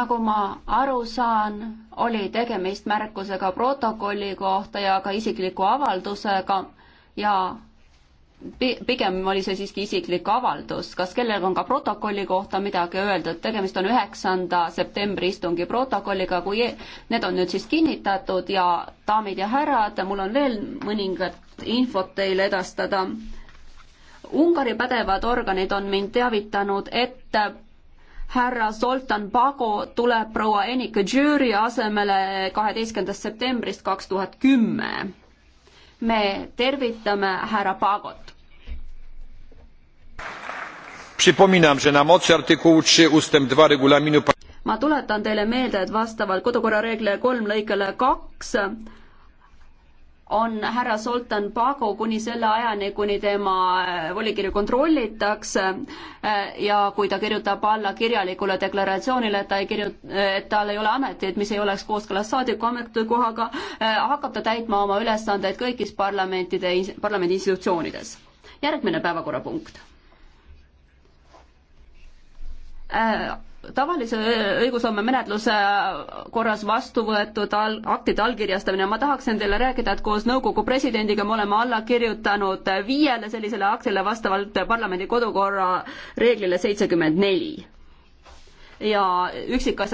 nagu ma aru saan, oli tegemist märkusega protokolli kohta ja ka isikliku avaldusega ja pigem oli see siiski isiklik avaldus. kas kellelgi on ka protokolli kohta midagi öelda, et tegemist on üheksanda septembri istungi protokolliga, kui e-, need on nüüd siis kinnitatud ja daamid ja härrad, mul on veel mõningat infot teile edastada. Ungari pädevad organid on mind teavitanud, et härra Zoltan Pago tuleb proua Enika Jüri asemele kaheteistkümnendast septembrist kaks tuhat kümme. me tervitame härra Pagot. ma tuletan teile meelde, et vastavalt kodukorra reeglile kolm lõikele kaks 2 on härra Soltan Pago kuni selle ajani, kuni tema äh, volikirju kontrollitakse äh, ja kui ta kirjutab alla kirjalikule deklaratsioonile, et ta ei kirju-, et tal ei ole ametit, mis ei oleks kooskõlas saadiku ametikohaga, äh, hakkab ta täitma oma ülesandeid kõigis parlamentide, parlamendi institutsioonides. järgmine päevakorrapunkt äh, tavalise õigusloome menetluse korras vastu võetud al-, aktide allkirjastamine, ma tahaksin teile rääkida, et koos nõukogu presidendiga me oleme alla kirjutanud viiele sellisele aktile vastavalt parlamendi kodukorra reeglile seitsekümmend neli. ja üksikasjad